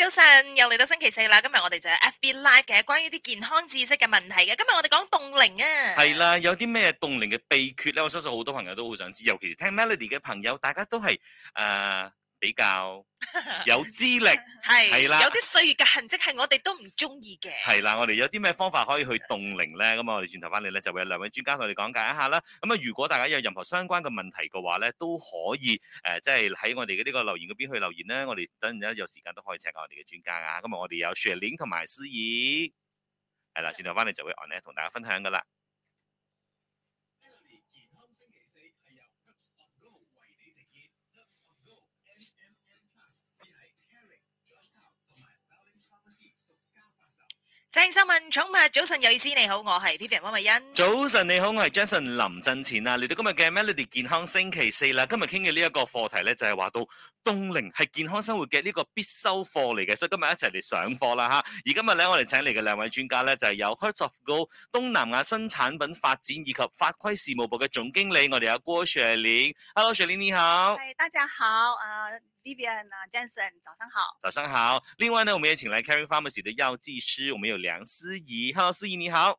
早晨，又嚟到星期四啦！今日我哋就係 FB Live 嘅，關於啲健康知識嘅問題嘅。今日我哋講凍齡啊，係啦，有啲咩凍齡嘅秘訣咧？我相信好多朋友都好想知，尤其是聽 Melody 嘅朋友，大家都係誒。比較有資歷係係啦，有啲歲月嘅痕跡係我哋都唔中意嘅係啦。我哋有啲咩方法可以去凍齡咧？咁啊，我哋轉頭翻嚟咧，就會有兩位專家同我哋講解一下啦。咁啊，如果大家有任何相關嘅問題嘅話咧，都可以誒，即係喺我哋嘅呢個留言嗰邊去留言咧。我哋等一陣有時間都可以請我哋嘅專家啊。咁啊我哋有雪玲同埋思儀係啦，轉頭翻嚟就會 online 同大家分享噶啦。鄭生問：寵物早晨有意思，你好，我係 Peter 溫美欣。早晨你好，我係 Jason 林振前啊！嚟到今日嘅 Melody 健康星期四啦，今日傾嘅呢一個課題咧就係話到。東陵係健康生活嘅呢個必修課嚟嘅，所以今日一齊嚟上課啦吓。而今日呢，我哋請嚟嘅兩位專家呢，就係由 Hertz of Gold 東南亞新產品發展以及法規事務部嘅總經理，我哋阿郭 Shirley，Hello Shirley，你好。大家好，啊、uh,，Vivian 啊、uh,，Jason，早上好。早上好。另外呢，我們也請來 Caring Pharmacy 嘅藥劑師，我們有梁思怡，Hello 思怡，你好。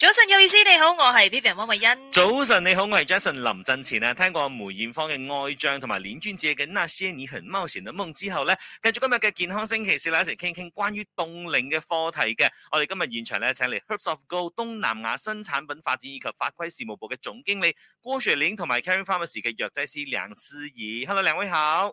早晨有意思，你好，我係 Vivian 温慧欣。早晨你好，我係 Jason 林振前啊。聽過梅艷芳嘅《愛將》同埋林俊傑嘅《那些你很冒險的夢》之後咧，繼續今日嘅健康星期四，啦一齊傾傾關於凍齡嘅課題嘅。我哋今日現場咧，請嚟 Herbs of Gold 東南亞新產品發展以及法規事務部嘅總經理郭雪蓮同埋 Caring Pharmacy 嘅藥劑師梁思怡。Hello，兩位好。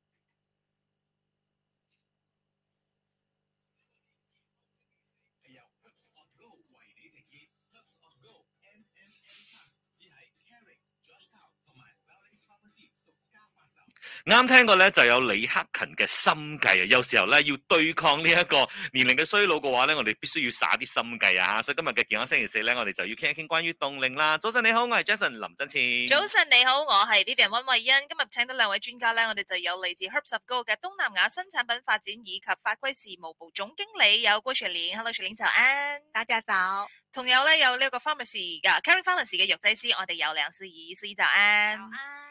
啱聽過咧，就有李克勤嘅心計啊！有時候咧要對抗呢一個年齡嘅衰老嘅話咧，我哋必須要耍啲心計啊！所以今日嘅健康星期四咧，我哋就要傾一傾關於凍齡啦。早晨你好，我係 Jason 林振前。早晨你好，我係 Vivian 温慧欣。今日請到兩位專家咧，我哋就有嚟自 Herbs of Gold 嘅東南亞新產品發展以及法規事務部總經理有 g a u r e Hello g a r 早安。大家早。同友呢有咧有呢個 Pharmacy 嘅 Karen Pharmacy 嘅藥劑師，我哋有梁思儀師早安。好啊。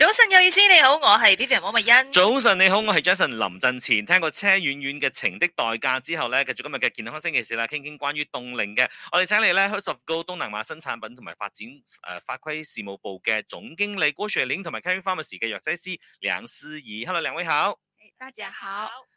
早晨有意思，你好，我係 Vivian 王慧欣。早晨你好，我係 Jason 林振前。聽過車婉婉嘅情的代價之後咧，繼續今日嘅健康星期四啦，傾傾關於凍齡嘅。我哋請嚟咧，Head of Go 東南亞新產品同埋發展誒法規事務部嘅總經理郭瑞玲，同埋 Caring Pharmacy 嘅藥劑師梁思儀。Hello，兩位好。誒，大家好。